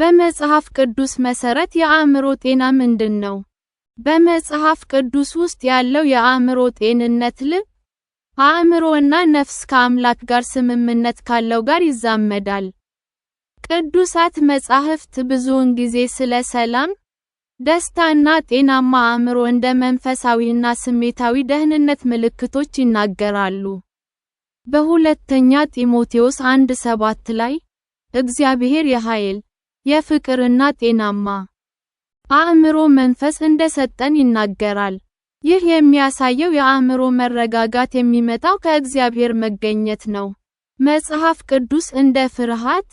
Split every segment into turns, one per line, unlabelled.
በመጽሐፍ ቅዱስ መሠረት የአእምሮ ጤና ምንድን ነው? በመጽሐፍ ቅዱስ ውስጥ ያለው የአእምሮ ጤንነት ልብ፣ እና ነፍስ ከአምላክ ጋር ስምምነት ካለው ጋር ይዛመዳል። ቅዱሳት መጻሕፍት ብዙውን ጊዜ ስለ ሰላም፣ ደስታና ጤናማ አእምሮ እንደ መንፈሳዊና ስሜታዊ ደህንነት ምልክቶች ይናገራሉ። በሁለተኛ ጢሞቴዎስ 1:7 ላይ፣ እግዚአብሔር የኃይል የፍቅርና ጤናማ አእምሮ መንፈስ እንደሰጠን ይናገራል። ይህ የሚያሳየው የአእምሮ መረጋጋት የሚመጣው ከእግዚአብሔር መገኘት ነው። መጽሐፍ ቅዱስ እንደ ፍርሃት፣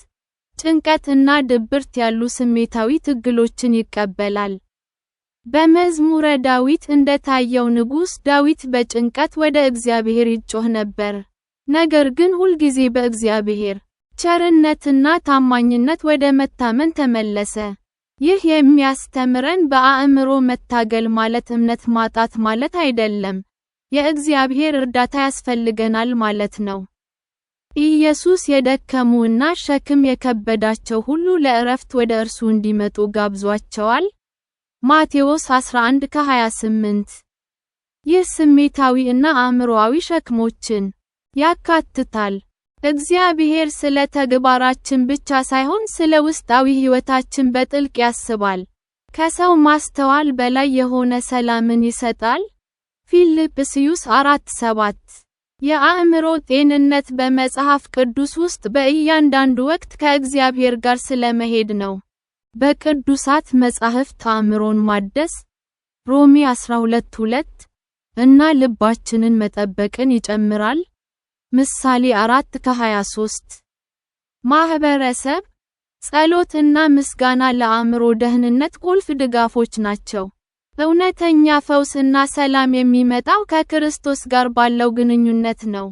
ጭንቀት እና ድብርት ያሉ ስሜታዊ ትግሎችን ይቀበላል። በመዝሙረ ዳዊት እንደታየው ንጉሥ ዳዊት በጭንቀት ወደ እግዚአብሔር ይጮህ ነበር፣ ነገር ግን ሁልጊዜ በእግዚአብሔር ቸርነትና ታማኝነት ወደ መታመን ተመለሰ። ይህ የሚያስተምረን በአእምሮ መታገል ማለት እምነት ማጣት ማለት አይደለም። የእግዚአብሔር እርዳታ ያስፈልገናል ማለት ነው። ኢየሱስ የደከሙና ሸክም የከበዳቸው ሁሉ ለእረፍት ወደ እርሱ እንዲመጡ ጋብዟቸዋል። ማቴዎስ 11:28 ይህ ስሜታዊ እና አእምሮአዊ ሸክሞችን ያካትታል። እግዚአብሔር ስለ ተግባራችን ብቻ ሳይሆን ስለ ውስጣዊ ሕይወታችን በጥልቅ ያስባል። ከሰው ማስተዋል በላይ የሆነ ሰላምን ይሰጣል። ፊልጵስዩስ 4:7 የአእምሮ ጤንነት በመጽሐፍ ቅዱስ ውስጥ በእያንዳንዱ ወቅት ከእግዚአብሔር ጋር ስለመሄድ ነው። በቅዱሳት መጻሕፍት አእምሮን ማደስ ሮሚ 12:2 እና ልባችንን መጠበቅን ይጨምራል። ምሳሌ አራት ከ23 ማህበረሰብ፣ ጸሎት እና ምስጋና ለአእምሮ ደህንነት ቁልፍ ድጋፎች ናቸው። እውነተኛ ፈውስ እና ሰላም የሚመጣው ከክርስቶስ ጋር ባለው ግንኙነት ነው።